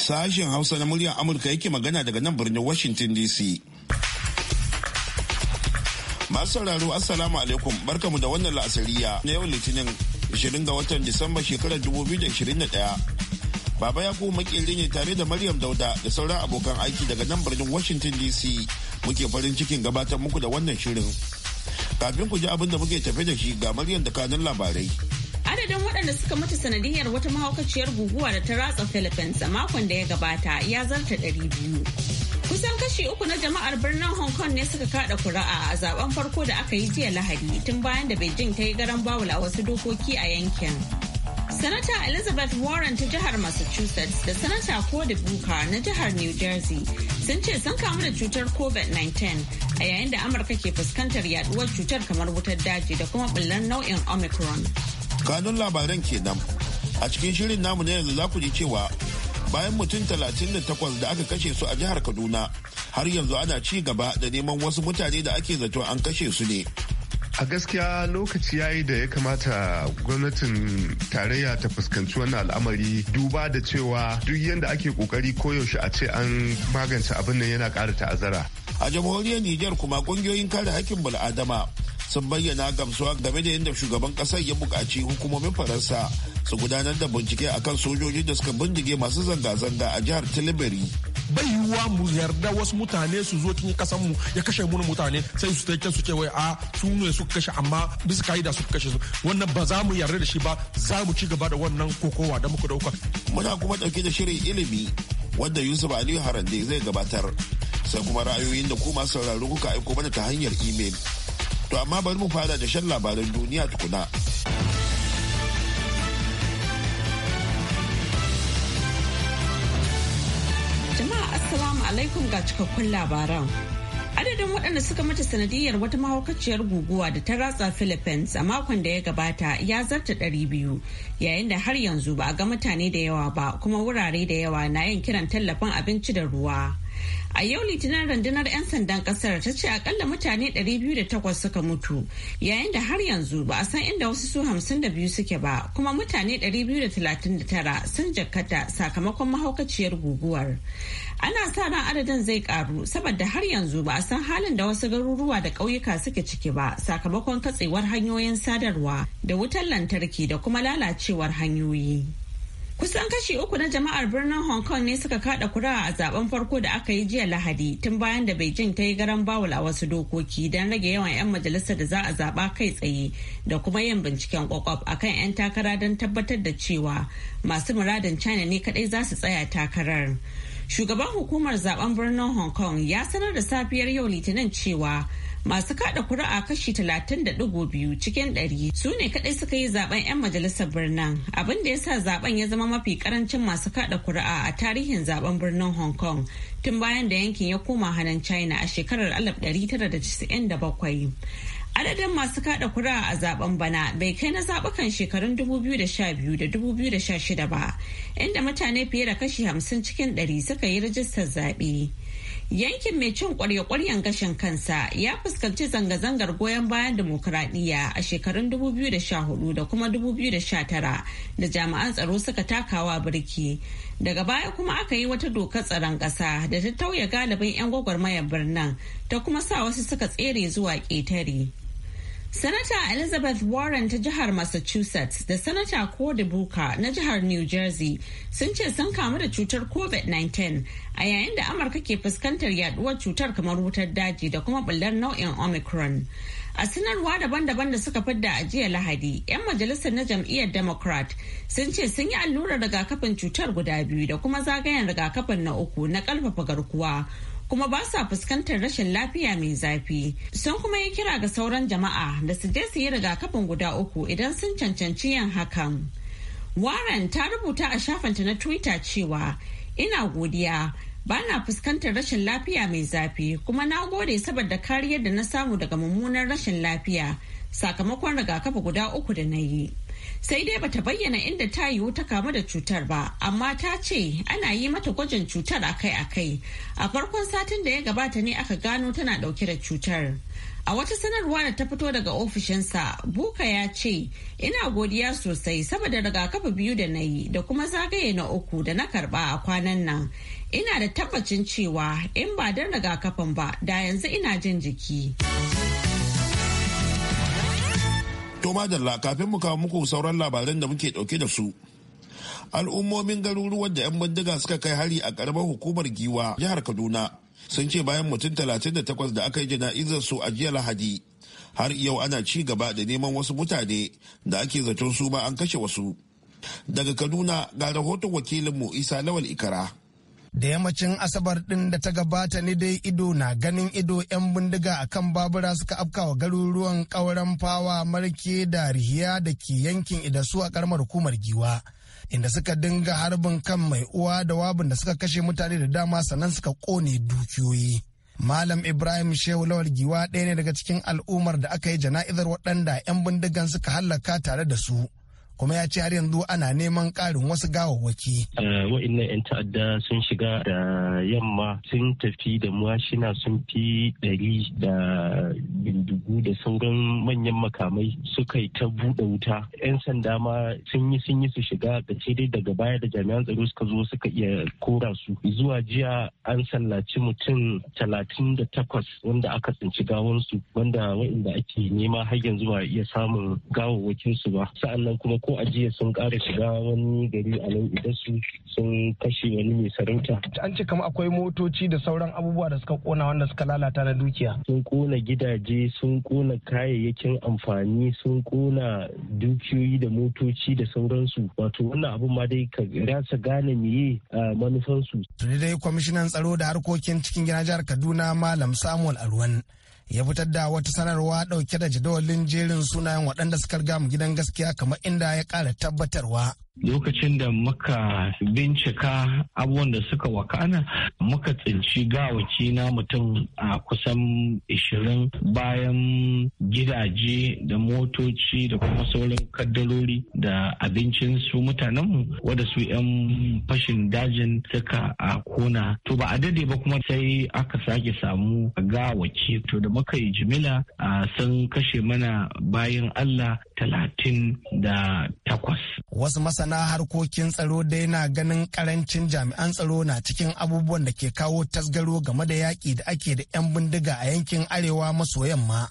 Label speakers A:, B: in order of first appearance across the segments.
A: Sashen Hausa na muryar Amurka yake magana daga nan birnin Washington DC. Masu sauraro Assalamu alaikum barkamu da wannan la'asariya na yau Litinin 20 ga watan Disamba shekarar 2021. Baba ya kuma makeri ne tare da Maryam Dauda da sauran abokan aiki daga nan birnin Washington DC muke farin cikin gabatar muku da wannan shirin. Kafin ku ji abin da muke tafe da shi ga Maryam da kanun labarai.
B: Adadin waɗanda suka mutu sanadiyar wata mahaukaciyar guguwa da ta ratsa Philippines a makon da ya gabata ya zarta ɗari biyu. Kusan kashi uku na jama'ar birnin Hong Kong ne suka kada kura'a a zaben farko da aka yi jiya Lahadi tun bayan da Beijing ta yi garan bawul a wasu dokoki a yankin. Sanata Elizabeth Warren ta jihar Massachusetts da Sanata Cory Booker na jihar New Jersey sun ce sun kamu da cutar COVID-19 a yayin da Amurka ke fuskantar yaduwar cutar kamar wutar daji da kuma ɓullar nau'in Omicron.
A: kanun labaran kenan a cikin shirin namu na yanzu za ku ji cewa bayan mutum 38 da aka kashe su a jihar kaduna har yanzu ana ci gaba da neman wasu mutane da ake zato an kashe su ne
C: a gaskiya lokaci yayi da ya kamata gwamnatin tarayya ta fuskanci wannan al'amari duba da cewa duk yadda ake
A: kokari koyaushe a ce an magance abin nan yana ƙara ta'azara a jamhuriyar niger kuma kungiyoyin kare hakkin bal'adama sun bayyana gamsuwa game da yadda shugaban kasar ya bukaci hukumomin faransa su gudanar da bincike a kan sojoji da suka bindige masu zanga-zanga a jihar tilibiri
D: bai yiwuwa mu yarda wasu mutane su zo cikin kasan mu ya kashe mu mutane sai su take su ce wai a ah, su ne su kashe amma bisa kaida su kashe su wannan ba za mu
A: yarda da shi ba za mu ci gaba da wannan kokowa da muka dauka muna kuma dauke da shirin ilimi wanda Yusuf Aliyu Harande zai gabatar sai kuma ra'ayoyin da ku masu sauraro kuka aiko mana ta hanyar imel. To amma bari mu fara da shan labaran duniya tukuna.
B: Jama'a Assalamu alaikum ga cikakkun labaran. Adadin waɗanda suka mace sanadiyar wata mahaukaciyar guguwa da ta ratsa Philippines a makon da ya gabata ya zarta ɗari biyu yayin da har yanzu ba a ga mutane da yawa ba kuma wurare da yawa na yin kiran tallafin abinci da ruwa. A yau litinin rundunar 'yan sandan kasar ta ce akalla mutane 208 suka mutu yayin da har yanzu ba a san inda wasu su 52 suke ba kuma mutane 239 sun jakkata sakamakon mahaukaciyar guguwar. Ana sa ran adadin zai karu saboda har yanzu ba a san halin da wasu garuruwa da ƙauyuka suke ciki ba sakamakon katsewar hanyoyin sadarwa da wutar lantarki da kuma lalacewar hanyoyi. Kusan kashi uku na jama'ar birnin Hong Kong ne suka kada kura a zaben farko da aka yi jiya Lahadi tun bayan da Beijing ta yi garan bawul a wasu dokoki don rage yawan 'yan majalisa da za a zaba kai tsaye da kuma yin binciken kwakwaf a kan 'yan takara don tabbatar da cewa masu muradin China ne kadai za su tsaya takarar. Shugaban hukumar zaben birnin Hong Kong ya sanar da safiyar yau Litinin cewa masu kada kuri'a kashi 30.2 cikin 100 su ne kadai suka yi zaben 'yan majalisar birnin abin da ya sa zaben ya zama mafi karancin masu kada kuri'a a tarihin zaben birnin hong kong tun bayan da yankin ya koma hannun china a shekarar 1997 adadin masu kada kura a zaben bana bai kai na zabukan shekarun 2012 da 2016 ba inda mutane fiye da kashi 50 cikin 100 suka yi rajistar zaɓe. Yankin mai cin kwarya-kwaryan gashin kansa ya fuskanci zanga-zangar goyon bayan demokuraɗiyya a shekarun 2014 da kuma 2019 da jami'an tsaro suka takawa birki. Daga baya kuma aka yi wata dokar tsaron ƙasa da ta tauye galibin 'yan gwagwarmayar birnin ta kuma sa wasu suka tsere zuwa ƙetare. Sanata Elizabeth Warren ta jihar Massachusetts da Sanata Cory Booker na jihar New Jersey sun ce sun kamu da cutar COVID-19 a yayin da Amurka ke fuskantar yaduwar cutar kamar wutar daji da kuma bullar nau'in Omicron. A sanarwa daban-daban da suka fidda a jiya Lahadi, 'yan majalisar na jam'iyyar Democrat sun ce sun yi allurar rigakafin cutar guda biyu da kuma zagayen rigakafin na uku na ƙarfafa garkuwa. kuma ba sa fuskantar rashin lafiya mai zafi sun kuma yi kira ga sauran jama'a da su je su yi rigakafin guda uku idan sun cancanci yin hakan warren ta rubuta a shafinta na twitter cewa ina godiya ba na fuskantar rashin lafiya mai zafi kuma na gode saboda kariyar da na samu daga mummunar rashin lafiya sakamakon rigakafi guda uku da na yi sai dai bata bayyana inda ta yiwu ta kamu da cutar ba amma ta ce ana yi mata gwajin cutar akai-akai a farkon satin da ya gabata ne aka gano tana dauke da cutar a wata sanarwa da ta fito daga ofishinsa buka ya ce ina godiya sosai saboda rigakafi biyu da na yi da kuma zagaye na uku da na karba a kwanan nan ina da tabbacin cewa in ba don rigakafin ba da yanzu ina jin jiki.
A: To madalla kafin mu kawo muku sauran labaran da muke dauke da su. Al'ummomin garuruwan da 'yan bindiga suka kai hari a karamar hukumar giwa jihar Kaduna sun ce bayan mutum 38 da aka yi jana'izar su a jiya Lahadi. Har yau ana ci gaba da neman wasu mutane da ake zaton su ma an kashe wasu. Daga Kaduna ga rahoton wakilinmu Isa Lawal Ikara.
E: da yammacin asabar ɗin da ta gabata ne dai ido na ganin ido 'yan bindiga a kan babura suka afkawa garuruwan ƙauren fawa marke da rihiya da ke yankin idasu a ƙaramar hukumar giwa inda suka dinga harbin kan mai uwa da wabin da suka kashe mutane da dama sannan suka kone dukiyoyi Malam Ibrahim Shehu Lawal Giwa ɗaya ne daga cikin al'ummar da aka yi jana'izar waɗanda 'yan bindigan suka hallaka tare da su. kuma ya ce har yanzu ana neman karin wasu gawawwaki.
F: Eh, wa'innan 'yan ta'adda sun shiga da yamma sun tafi da mashina sun fi ɗari da bindigu da sauran manyan makamai suka yi ta buɗe wuta. 'Yan sanda ma sun yi sun yi su shiga da ce dai daga baya da jami'an tsaro suka zo suka iya kora su. Zuwa jiya an sallaci mutum talatin da takwas wanda aka tsinci gawansu wanda wa'inda ake nema har yanzu ba iya samun gawawwakinsu ba. Sa'an nan kuma ko ajiya sun kare shiga wani gari a nan idan su sun kashe wani mai sarauta.
E: An ce kama akwai motoci da sauran abubuwa da suka kona wanda suka lalata na dukiya.
F: Sun kona gidaje, sun kona kayayyakin amfani, sun kona dukiyoyi da motoci da sauransu. Wato wannan abun ma dai ka rasa gane a manufansu.
E: Tuni dai kwamishinan tsaro da harkokin cikin gina jihar Kaduna Malam Samuel Alwan. ya fitar da wata sanarwa dauke da jadawalin jerin sunayen waɗanda suka riga mu gidan gaskiya kamar inda ya ƙara tabbatarwa
F: lokacin da muka bincika abubuwan da suka wakana muka tsinci gawaci na mutum a kusan 20 bayan gidaje da motoci da kuma sauran kaddarori da abincin su mutanenmu wadda su 'yan fashin dajin suka a kona to ba a dade ba kuma sai aka sake samu gawaci to da muka yi jimila sun kashe mana bayan allah talatin da
E: takwas wasu masana na harkokin tsaro dai na ganin karancin jami'an tsaro na cikin abubuwan da ke kawo tasgaro game da yaƙi da ake da 'yan bindiga a yankin arewa maso yamma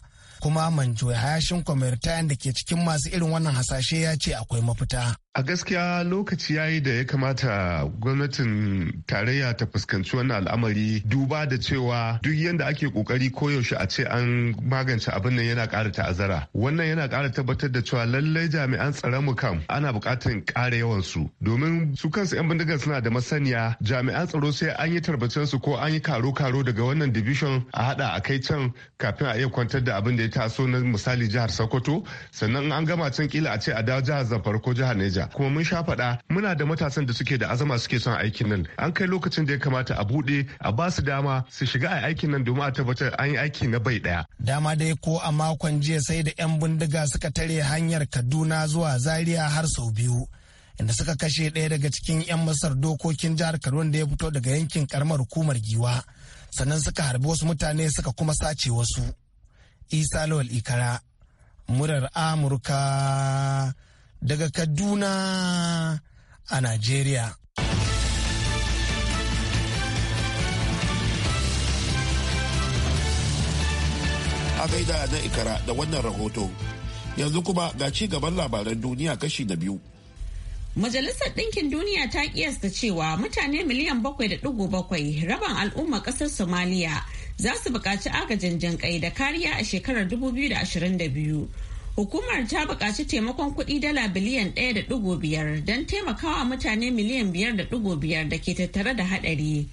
E: kuma manjo hayashin kwamirtayan da ke cikin masu irin wannan hasashe ya ce akwai mafita
C: A gaskiya lokaci yayi da ya kamata gwamnatin tarayya ta fuskanci wannan al'amari duba da cewa duk yadda ake kokari koyaushe a ce an magance abin nan yana ƙara ta'azara. Wannan yana ƙara tabbatar da cewa lallai jami'an tsaron mu kam ana buƙatar ƙara yawan su domin su kansu 'yan bindigar suna da masaniya jami'an tsaro sai an yi tarbacen su ko an yi karo-karo daga wannan division a hada a kai can kafin a iya kwantar da abin da ya taso na misali jihar Sokoto sannan an gama can kila a ce a dawo jihar Zamfara ko jihar Neja. Abuja. kuma mun sha faɗa muna da matasan da suke da azama suke son aikin nan an kai lokacin da ya kamata a buɗe a ba su dama su shiga a aikin nan domin a tabbatar an yi aiki na bai ɗaya.
E: Dama dai ko a makon jiya sai da 'yan bindiga suka tare hanyar Kaduna zuwa Zaria har sau biyu. Inda suka kashe ɗaya daga cikin 'yan masar dokokin jihar Kaduna da ya fito daga yankin karamar hukumar Giwa. Sannan suka harbi wasu mutane suka kuma sace wasu. Isa Lawal Ikara, murar Amurka daga Kaduna a Najeriya.
A: A gaida na ikara da wannan rahoto. Yanzu kuma ga ci gaban labaran duniya kashi na biyu.
B: Majalisar Ɗinkin Duniya ta kiyasta cewa mutane miliyan bakwai da ɗigo bakwai rabin al'umma ƙasar Somalia za su buƙaci agajin jinƙai da kariya a shekarar 2022 Hukumar ta buƙaci taimakon kuɗi dala biliyan ɗaya da ɗigo biyar don taimakawa mutane miliyan biyar da ɗigo biyar da ke tattare da haɗari.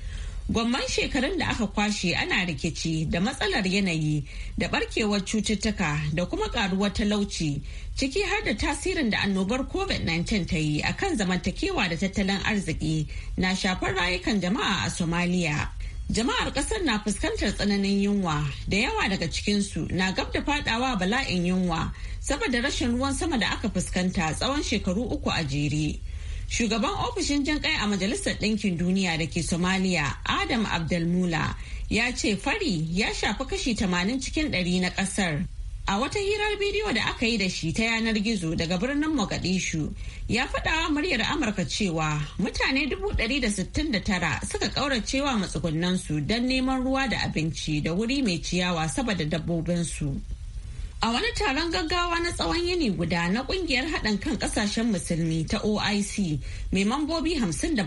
B: Gwamman shekarun da aka kwashe ana rikici da matsalar yanayi da barkewar cututtuka da kuma karuwar talauci ciki har da tasirin da annobar COVID-19 ta yi akan zamantakewa da tattalin arziki na shafar rayukan jama'a a Somalia. Jama'ar kasar na fuskantar tsananin yunwa da yawa daga cikinsu na gab da fadawa bala'in yunwa saboda rashin ruwan sama da aka fuskanta tsawon shekaru uku a jere. Shugaban ofishin jin kai a Majalisar Ɗinkin Duniya da ke Somalia, Adam Abdulmula, ya ce fari ya shafi kashi 80 cikin 100 na ƙasar. A wata hirar bidiyo da aka yi da shi ta yanar gizo daga birnin Mogadishu ya faɗawa muryar Amurka cewa mutane 169 suka ƙauracewa matsugunansu don neman ruwa da abinci da wuri mai ciyawa saboda dabbobinsu. A wani taron gaggawa na tsawon yini guda na kungiyar haɗin kan ƙasashen musulmi ta OIC mai mambobi 57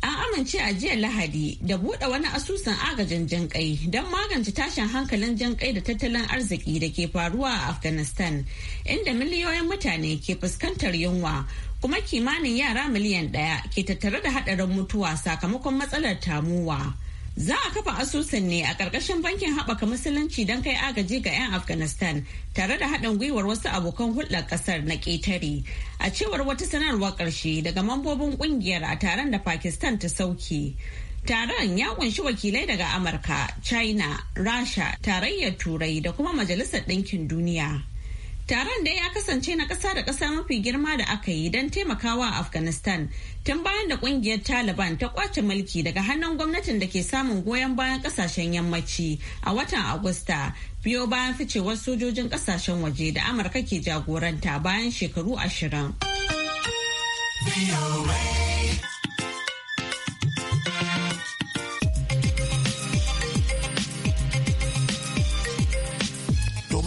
B: An amince a jiya Lahadi da buɗe wani asusun agajin jinƙai don magance tashin hankalin jinƙai da tattalin arziki da ke faruwa a Afghanistan, inda miliyoyin mutane ke fuskantar yunwa kuma kimanin yara miliyan ɗaya ke tattare da haɗarin mutuwa sakamakon matsalar tamuwa. Za a kafa asusun ne a ƙarƙashin bankin haɓaka musulunci don kai agaji ga 'yan Afghanistan tare da haɗin gwiwar wasu abokan hulɗar ƙasar na ƙetare. A cewar wata sanarwar ƙarshe daga mambobin ƙungiyar a taron da Pakistan ta sauke. Taron ya kunshi wakilai daga Amurka, China, Rasha, Tarayyar Turai da kuma Majalisar Ɗinkin Duniya. Taron da ya kasance na ƙasa da ƙasa mafi girma da aka yi don taimakawa a Afghanistan tun bayan da ƙungiyar Taliban ta kwace mulki daga hannun gwamnatin da ke samun goyon bayan ƙasashen yammaci a watan Agusta biyo bayan ficewar sojojin ƙasashen waje da Amurka ke jagoranta bayan shekaru ashirin.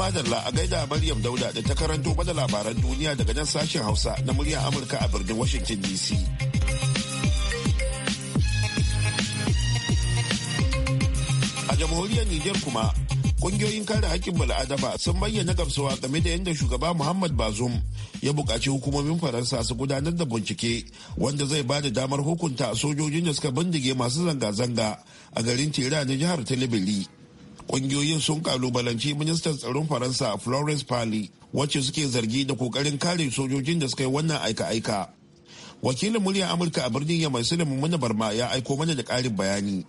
A: madalla a gaida Maryam Dauda da ta karanto bada labaran duniya daga nan sashen Hausa na murya Amurka a birnin Washington DC. A jamhuriyar niger kuma kungiyoyin kare hakkin bala'adama sun bayyana gamsuwa game da yadda shugaba muhammad bazum ya buƙaci hukumomin faransa su gudanar da bincike wanda zai ba da damar hukunta sojojin da suka bindige masu zanga-zanga a garin tera na jihar talibili kungiyoyin sun kalubalanci ministan tsaron faransa florence pali wacce suke zargi da kokarin kare sojojin da suka yi wannan aika-aika wakilin muryar amurka a birnin yamai sulaiman muna barma ya aiko mana da karin bayani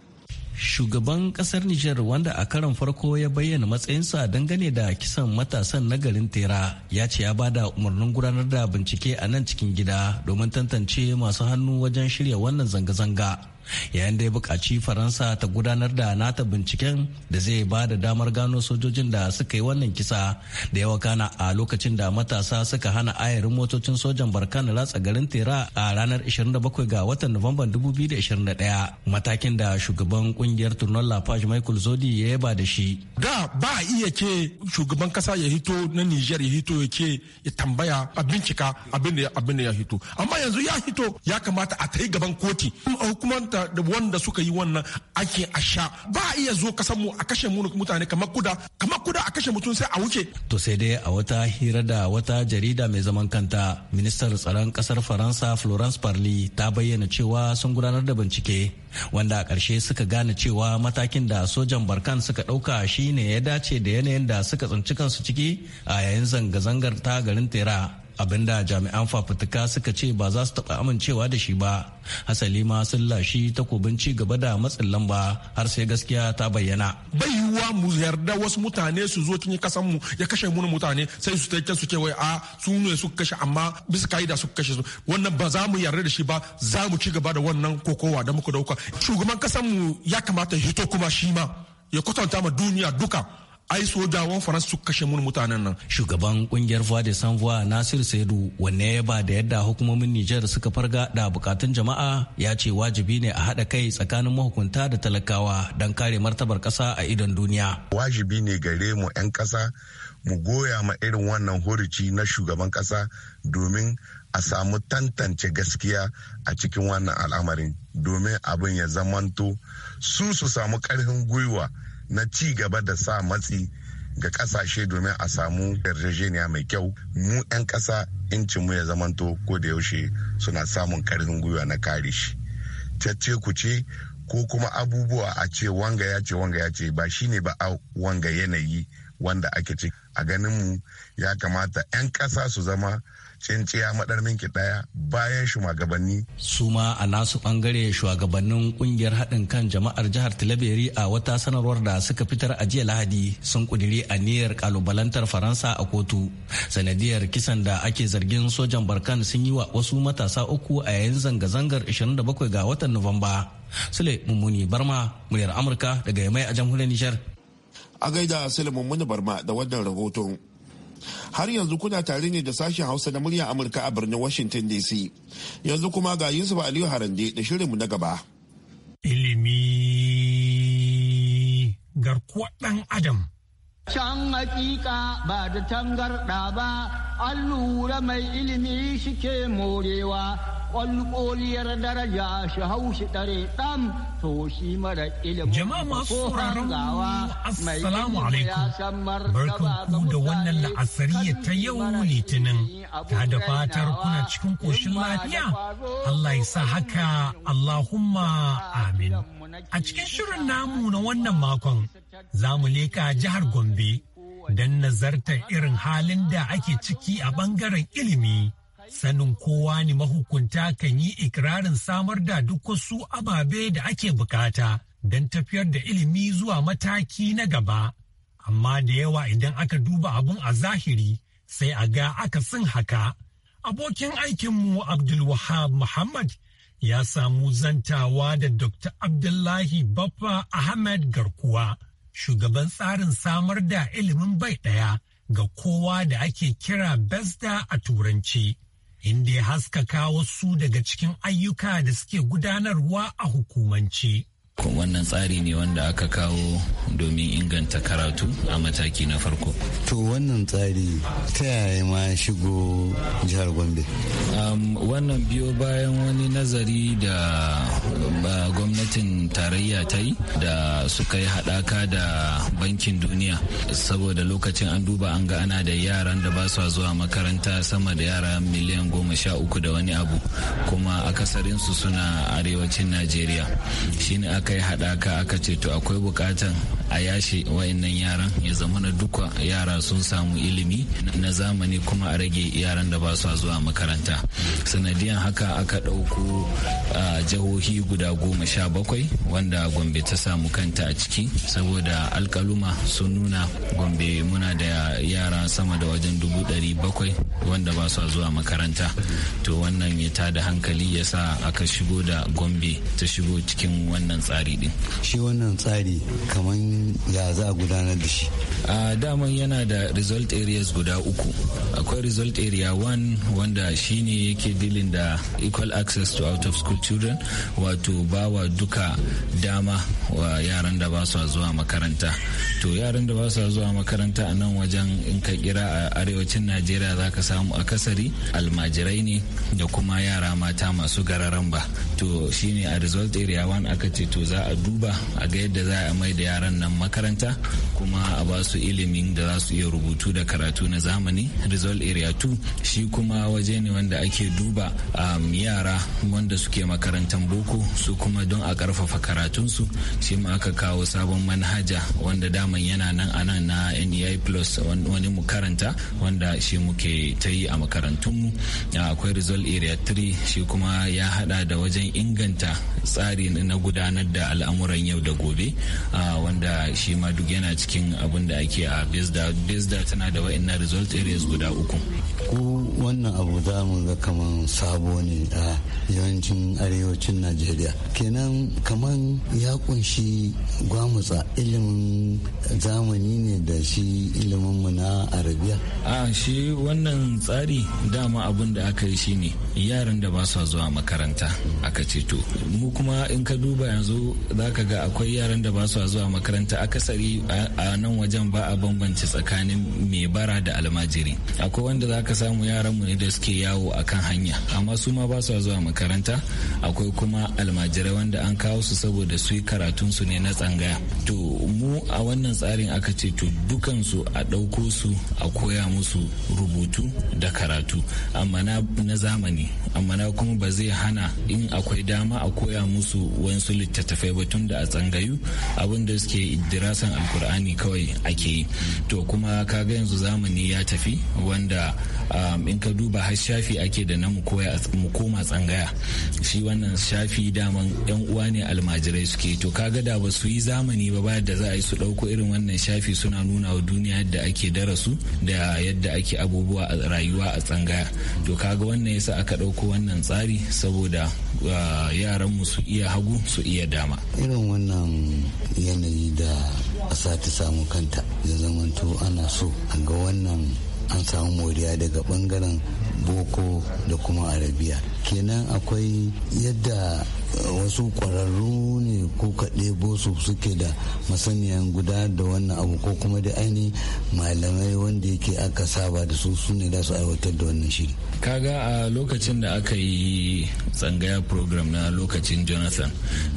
F: shugaban kasar Niger, wanda a karon farko ya bayyana matsayinsa dangane da kisan matasan na garin Tera ya ce ya bada umarnin gudanar da bincike a nan cikin gida domin tantance masu hannu wajen shirya wannan zanga-zanga. yayin da ya buƙaci faransa ta gudanar da nata binciken da zai ba da damar gano sojojin da suka yi wannan kisa da yawa kana a lokacin da matasa suka hana ayarin motocin sojan barkan ratsa garin tera a ranar 27 ga watan nuwamban 2021 matakin da shugaban kungiyar turnon michael zodi ya yaba da shi da ba a iya ke shugaban kasa ya hito na niger ya hito ya ke ya tambaya a bincika
D: abin da ya hito amma yanzu ya hito ya kamata a ta yi gaban koti hukumar da wanda suka yi wannan ake a sha ba a iya zo kasan mu a kashe mu mutane kamar kuda kamar
F: kuda a kashe mutum sai a wuce to sai dai a wata hira da wata jarida mai zaman kanta ministar tsaron kasar faransa florence parly ta bayyana cewa sun gudanar da bincike wanda a ƙarshe suka gane cewa matakin da sojan barkan suka ɗauka shine ya dace da yanayin da suka tsinci kansu ciki a yayin zanga-zangar ta garin tera abinda jami'an fafutuka suka ce ba za su taɓa amincewa da shi ba hasali ma sun lashi takobin ci gaba da matsin lamba har sai gaskiya ta bayyana
D: bai yiwuwa mu yarda wasu mutane su zo cikin kasan mu ya kashe mu mutane sai su take su ce wai a ah, su ne su kashe amma bisa kaida su kashe su wannan ba za mu yarda da shi ba za mu ci gaba da wannan kokowa da muka dauka shugaban kasan mu ya kamata hito kuma shi ma ya kwatanta ma duniya duka ai
F: sojawan fara su kashe mun mutanen nan shugaban kungiyar voix de sans voix nasir saidu wanne ya ba da yadda hukumomin nijar suka farga da bukatun jama'a ya ce wajibi ne a haɗa kai tsakanin mahukunta da talakawa don kare martabar ƙasa a idon duniya
C: wajibi ne gare mu
A: 'yan ƙasa mu goya ma irin wannan horici na shugaban ƙasa domin a samu tantance gaskiya a cikin wannan al'amarin domin abin ya zamanto su su samu ƙarfin gwiwa na ci gaba da sa matsi ga kasashe domin a samu yarjejeniya mai kyau mu 'yan ƙasa mu ya zamanto ko da yaushe suna samun karfin gwiwa na kare shi cacce ku ce
C: ko kuma abubuwa a ce wanga ya ce wanga ya ce ba shine ba a wanga yanayi wanda ake ci a ganin mu ya kamata 'yan ƙasa su zama tsintsiya
A: madar minki daya bayan shugabanni
F: su ma a nasu bangare shugabannin kungiyar haɗin kan jama'ar jihar Tilaberi a wata sanarwar da suka fitar a jiya Lahadi sun a aniyar kalubalantar Faransa a kotu sanadiyar kisan da ake zargin sojan Barkan sun yi wa wasu matasa uku a yayin zanga-zangar 27 ga watan Nuwamba Sule Mummuni Barma muryar Amurka daga Yamai a jamhuriyar Nijar
A: a gaida Sule Mummuni Barma da wannan rahoton Har yanzu kuna tare ne da sashen Hausa na murya Amurka a birnin Washington DC. Yanzu kuma ga Yusuf Aliyu Harande da shirinmu na gaba. Ilimi
D: garkuwa ɗan Adam.
G: Can hakika ba da tangarɗa ba, an lura mai ilimi shike morewa ƙwalƙoliyar daraja shi hau shi ɗare ɗan to shi mara ilimin jama'a masu sauraron assalamu alaikum barkanku
D: da wannan la'asariya ta yau litinin ta da fatar kuna cikin ƙoshin lafiya
G: Allah ya sa haka
D: Allahumma amin a cikin shirin namu na wannan makon za mu leka jihar Gombe don nazartar irin halin da ake ciki a bangaren ilimi Sanin kowa ne mahukunta kan yi ikirarin samar da duk wasu ababe da ake bukata don tafiyar da ilimi zuwa mataki na gaba. Amma da yawa idan aka duba abun a zahiri sai a ga aka akasin haka. Abokin aikinmu Abdulwahab Muhammad ya samu zantawa da Dr. Abdullahi Baffa Ahmed Garkuwa, shugaban tsarin samar da ilimin bai ɗaya ga kowa da ake kira Besda a Turanci. inda ya haskaka wasu daga cikin ayyuka da suke gudanarwa a hukumance.
H: wannan tsari ne wanda aka kawo domin inganta karatu a mataki na farko to
G: wannan tsari ta yaya ma shigo jihar
H: gombe wannan biyo bayan wani nazari da gwamnatin tarayya ta yi da suka yi haɗaka da bankin duniya saboda lokacin an duba an ga ana da yaran da ba su zuwa makaranta sama da yara miliyan goma sha uku da wani abu kuma akasarinsu suna arewacin najeriya shine kai yi haɗaka aka ce to akwai bukatan. a yashe wa'annan yaran ya zama na duka yara sun samu ilimi na zamani kuma a rage yaran da ba su zuwa makaranta sanadiyan haka aka ɗauko jihohi guda goma sha bakwai wanda gombe ta samu kanta a ciki saboda alkaluma sun nuna gombe muna da yara sama da wajen dubu ɗari bakwai wanda ba su zuwa makaranta to wannan ya tada hankali ya sa aka shigo da gombe ta shigo cikin wannan tsari din shi wannan tsari kamar ya za a gudanar da shi a daman yana da result areas guda uku akwai result area 1 wanda shine yake dilin da equal access to out of school children wato bawa duka dama wa yaran da ba su zuwa makaranta to yaran da ba su zuwa makaranta a nan wajen in ka kira a arewacin najeriya za ka samu akasari almajirai ne da kuma yara mata masu gararan ba to shine a result area 1 aka ce to za a duba a ga yadda za a mai da yaran wannan makaranta kuma a ba su ilimin da za su iya rubutu da karatu na zamani result area 2 shi kuma waje ne wanda ake duba um, yara wanda suke makarantar boko su kuma don a karfafa karatunsu shi ma aka kawo sabon manhaja wanda daman yana nan a nan na nei plus wani mu wanda shi muke ta yi a makarantunmu akwai result area 3 shi kuma ya hada da wajen inganta tsari na gudanar da al'amuran yau da gobe uh, wanda shima shi ma duk yana cikin abin da ake a besda besda tana da wa'annan result areas guda uku
G: ko wannan abu za mu ga kaman sabo ne a yawancin arewacin najeriya kenan kaman ya kunshi gwamutsa ilimin zamani ne da shi ilimin mu na
H: arabiya a shi wannan tsari dama abin da aka yi shine yaran da ba sa zuwa makaranta aka ce to mu kuma in ka duba yanzu za ka ga akwai yaran da ba sa zuwa makaranta akasari a nan wajen ba a bambance tsakanin mai bara da almajiri akwai wanda za ka samu yaran mu ne da suke yawo akan hanya amma su ma ba sa zuwa makaranta akwai kuma almajirai wanda an kawo su saboda su yi karatun su ne na tsangaya to mu a wannan tsarin aka ce to dukansu a ɗauko su a koya musu rubutu da karatu amma na zamani ne amma na kuma ba zai hana in akwai dama a koya musu wasu littattafai ba tun da a tsangayu abinda suke dirasan alkur'ani kawai ake yi to kuma kaga yanzu zamani ya tafi wanda um, in ka duba har shafi ake da na mu koma tsangaya shi wannan shafi daman yan uwa ne almajirai suke to kaga da ba su yi zamani ba ba da za a yi su ɗauko irin wannan shafi suna nuna wa duniya yadda ake darasu da yadda ake abubuwa a rayuwa a tsangaya to kaga wannan yasa aka aka ɗauko wannan tsari saboda ah, yaranmu su iya hagu su iya dama
G: irin wannan yanayi da ƙasa ta samu kanta ya zamanto ana so ga wannan an samu moriya daga bangaren boko da kuma arabiya kenan akwai yadda wasu kwararru ne ko kaɗe su suke da masaniyan guda da wannan abu ko kuma da aini malamai wanda yake aka saba da su su ne da su aiwatar da wannan shiri kaga a
H: lokacin da aka yi tsangaya program na lokacin jonathan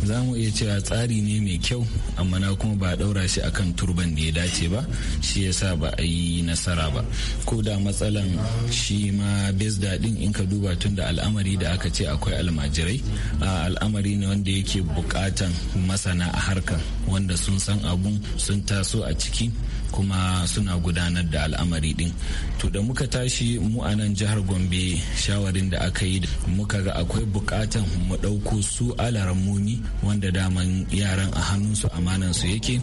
H: za mu iya cewa tsari ne mai kyau amma na kuma ba daura shi akan turban da ya dace ba shi yasa ba a yi nasara ba ko da matsalan shi ma bes din in ka duba tun da al'amari da aka ce akwai almajirai a al'amari ne wanda yake bukatan masana a harkar wanda sun san abun sun taso a ciki kuma suna gudanar da al'amari din to da muka tashi mu a nan jihar gombe shawarin da aka yi muka ga akwai bukatan mu ɗauko su alaramuni wanda daman yaran a hannunsu amanansu yake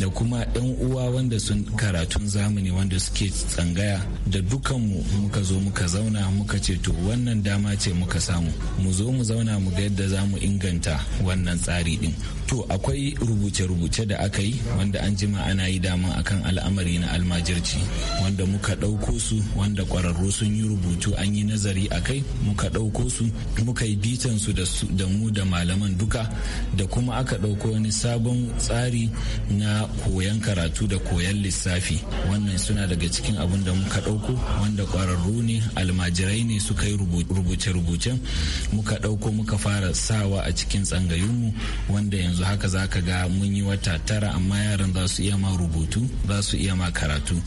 H: da kuma ɗan uwa wanda sun karatun zamani wanda suke tsangaya da dukanmu muka zo muka zauna zauna muka ce to wannan dama ce muka samu mu zo mu zauna mu ga yadda za mu inganta wannan tsari din to akwai rubuce-rubuce da aka yi wanda an jima ana yi dama akan al'amari na almajirci wanda muka ɗauko su wanda ƙwararru sun yi rubutu an yi nazari a kai muka ɗauko su muka yi bitan su da mu da malaman duka da kuma aka ɗauko wani sabon tsari na koyon karatu da koyon lissafi wannan suna daga cikin abin da muka ɗauko wanda ƙwararru ne almajirci almajirai ne suka yi rubuce-rubucen muka ɗauko muka fara sawa a cikin mu wanda yanzu haka za ka ga mun yi wata tara amma yaran za su iya ma rubutu za su iya ma karatu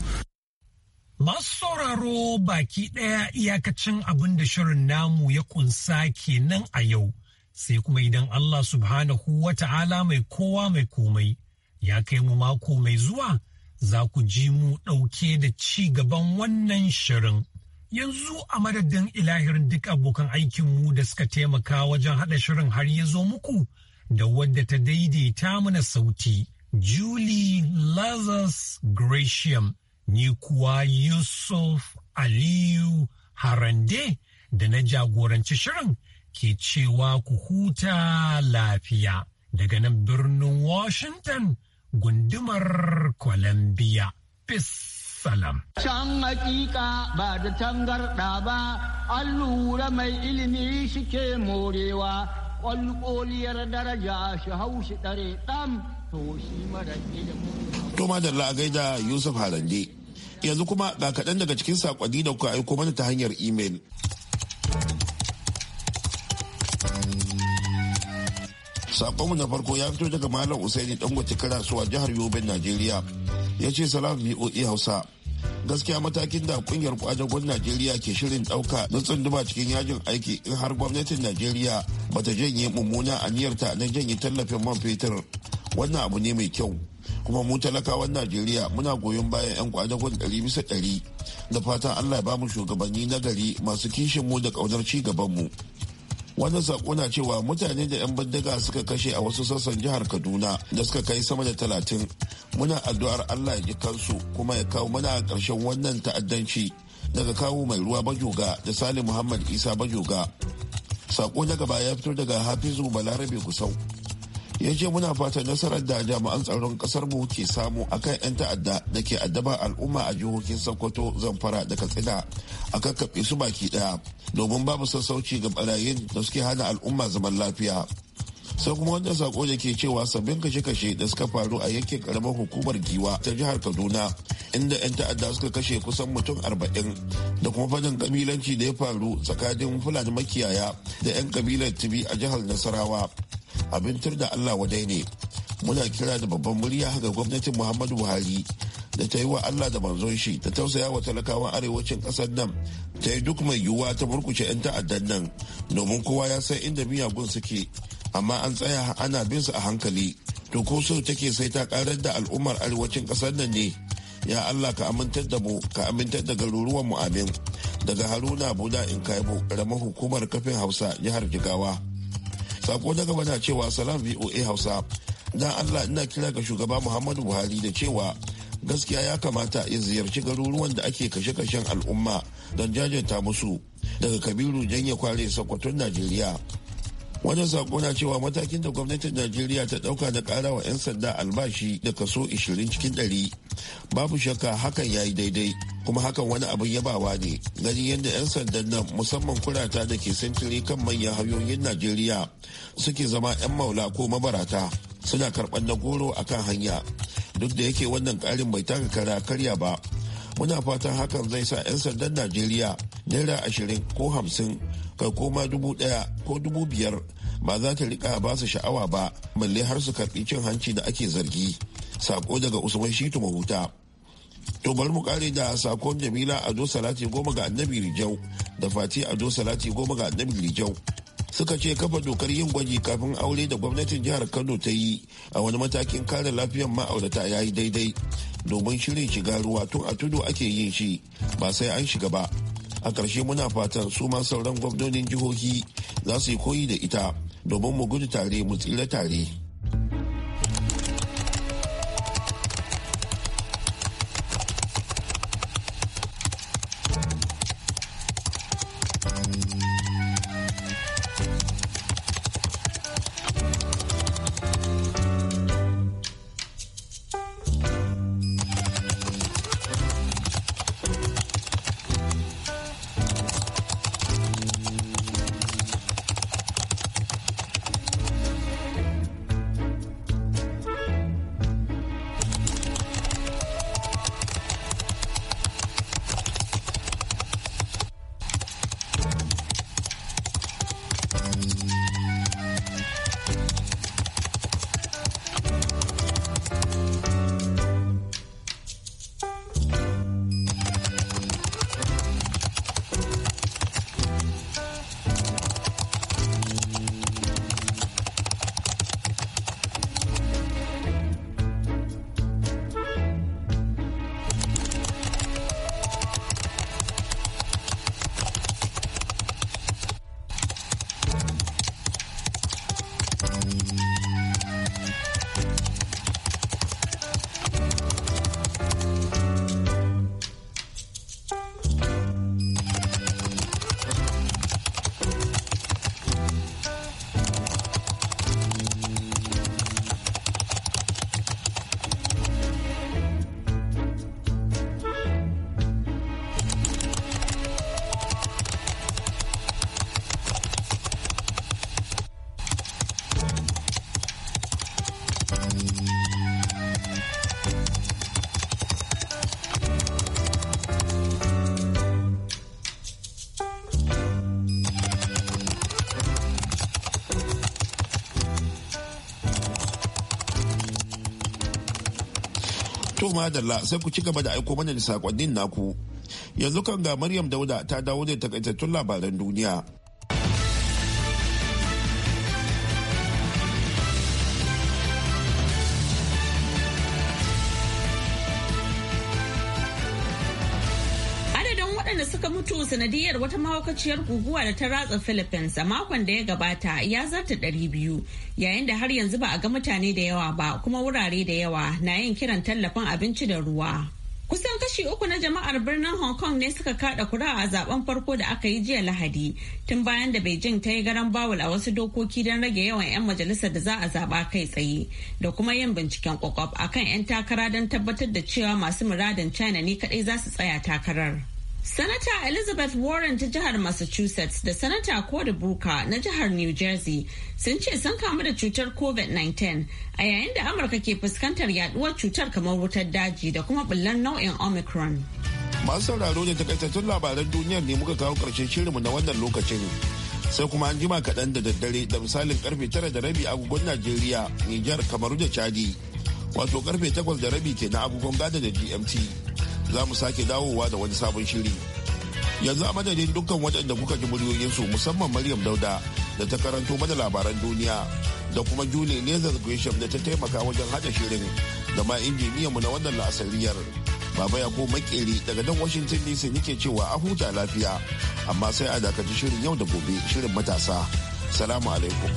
D: Masu sauraro baki ɗaya iyakacin abin da shirin namu ya kunsa kenan a yau, sai kuma idan Allah subhanahu wa ta'ala mai kowa mai komai ya kai mu mako mai zuwa za ku ji mu ɗauke da ci gaban wannan shirin. Yanzu a madadin ilahirin duk abokan aikinmu da suka taimaka wajen haɗa shirin har ya zo muku da wadda ta daidaita mana sauti. Julie Lazarus Gratiam, ni kuwa Yusuf Aliyu Harande da na jagoranci shirin ke cewa ku huta lafiya daga nan birnin Washington gundumar Columbia. Peace.
G: Salam. Can hakika ba da tangarɗa ba, an lura mai ilimi shike morewa, ƙwalƙoliyar daraja shi haushi ɗare dam to shi mara ilimi.
A: Toma da la'agaida Yusuf Harande. Yanzu kuma ga kaɗan daga cikin saƙonni da kuka aiko mana ta hanyar imel. Saƙonmu na farko ya fito daga Malam Usaini Dangote Karasuwa jihar Yobe, Najeriya. ya ce salam voa hausa gaskiya matakin da kungiyar kwadagon najeriya ke shirin dauka na tsunduma cikin yajin aiki in har gwamnatin najeriya ba ta janye mummuna a aniyarta na janye tallafin man fetur wannan abu ne mai kyau kuma mu talakawan najeriya muna goyon bayan 'yan kwadagon ɗari bisa ɗari da fatan allah ya mu shugabanni na gari masu kishin mu da ƙaunar ci gaban mu wani sako na cewa mutane da 'yan bindiga suka kashe a wasu sassan jihar kaduna da suka kai sama da talatin muna addu'ar allah ya ji kansu kuma ya kawo mana ƙarshen wannan ta'addanci daga kawo mai ruwa bajoga da salim muhammad isa bajoga sako na gaba ya fito daga hafizu balarabe kusau. ya ce muna fatan nasarar da jami'an tsaron kasar mu ke samu akan 'yan ta'adda da ke addaba al'umma a jihohin sokoto zamfara da katsina a kakkaɓe su baki ɗaya domin babu sassauci ga barayin da suke hana al'umma zaman lafiya sai kuma wanda sako da ke cewa sabbin kashe-kashe da suka faru a yankin karamar hukumar giwa ta jihar kaduna inda 'yan ta'adda suka kashe kusan mutum arba'in da kuma fadin kabilanci da ya faru tsakanin fulani makiyaya da 'yan kabilar tibi a jihar nasarawa abin tur da allah wadai ne muna kira da babban murya ga gwamnatin muhammadu buhari da ta yi wa Allah da manzon shi ta tausaya wa talakawan arewacin kasar nan ta yi duk mai yiwuwa ta murkushe 'yan ta'addan nan domin kowa ya san inda miyagun suke amma an tsaya ana bin su a hankali to ko so take sai ta karar da al'ummar arewacin kasar nan ne ya Allah ka amintar da mu ka amintar da garuruwan mu amin daga Haruna Buda in Kaibo ramar hukumar kafin Hausa jihar Jigawa sako na gaba na cewa salam VOA Hausa dan Allah ina kira ga shugaba Muhammadu Buhari da cewa gaskiya ya kamata ya ziyarci garuruwan da ake kashe-kashen al'umma don jajanta musu daga kabiru janye kware sakwatun najeriya wannan sako na cewa matakin da gwamnatin Najeriya ta dauka da kara wa 'yan sanda albashi da kaso 20 cikin 100 babu shakka hakan ya yi daidai kuma hakan wani abin yabawa ne gani yadda 'yan sandan nan musamman kurata da ke sintiri kan manyan hanyoyin Najeriya suke zama 'yan maula ko mabarata suna karɓar na goro a kan hanya duk da yake wannan ƙarin bai taka kara karya ba muna fatan hakan zai sa 'yan sandan najeriya naira ashirin ko hamsin kai koma dubu ɗaya ko dubu biyar ba za ta rika ba su sha'awa ba balle har su karɓi cin hanci da ake zargi sako daga usman shitu mahuta to bari mu kare da sakon jamila ado salati goma ga annabi rijau da fati ado salati goma ga annabi rijau suka ce kafa dokar yin gwaji kafin aure da gwamnatin jihar kano ta yi a wani matakin kare lafiyar ma'aurata ya yi daidai domin shirin shiga ruwa tun a tudu ake yin shi ba sai an shiga ba a ƙarshe muna fatan su ma sauran gwamnonin jihohi za su yi koyi da ita domin mu gudu tare mu tsira tare Dalla sai ku ci gaba da aiko mana da sakonnin naku. Yanzu kan ga Maryam Dauda ta dawo da takaitattun labaran duniya.
B: mutu sanadiyar wata mahaukaciyar guguwa da ta ratsa Philippines a makon da ya gabata ya zarta biyu yayin da har yanzu ba a ga mutane da yawa ba kuma wurare da yawa na yin kiran tallafin abinci da ruwa. Kusan kashi uku na jama'ar birnin Hong Kong ne suka kada kura a zaben farko da aka yi jiya Lahadi tun bayan da Beijing ta yi garan bawul a wasu dokoki don rage yawan 'yan majalisar da za a zaba kai tsaye da kuma yin binciken kwakwaf akan 'yan takara don tabbatar da cewa masu muradin China ne kadai za su tsaya takarar. Sanata Elizabeth Warren ta jihar Massachusetts da Sanata Cory Booker na jihar New Jersey sun ce sun kamu da cutar COVID-19 a yayin da Amurka ke fuskantar yaduwar cutar kamar wutar daji da kuma bullar nau'in Omicron.
A: Masu sauraro da takaitattun labaran duniyar ne muka kawo ƙarshen shirinmu na wannan lokacin. Sai kuma an jima kaɗan da daddare da misalin karfe tara da rabi agogon Najeriya, Nijar, Kamaru da Chadi. Wato karfe takwas da rabi ke na agogon gada da GMT. za mu sake dawowa da wani sabon shiri yanzu a madadin dukkan waɗanda kuka ji muryoyinsu musamman maryam dauda da ta karanto mana labaran duniya da kuma julie lezard gresham da ta taimaka wajen haɗa shirin da ma injiniyanmu na wannan la'asariyar baba ya ko makeri daga dan washington dc nike cewa a huta lafiya amma sai a dakaci shirin yau da gobe shirin matasa salamu alaikum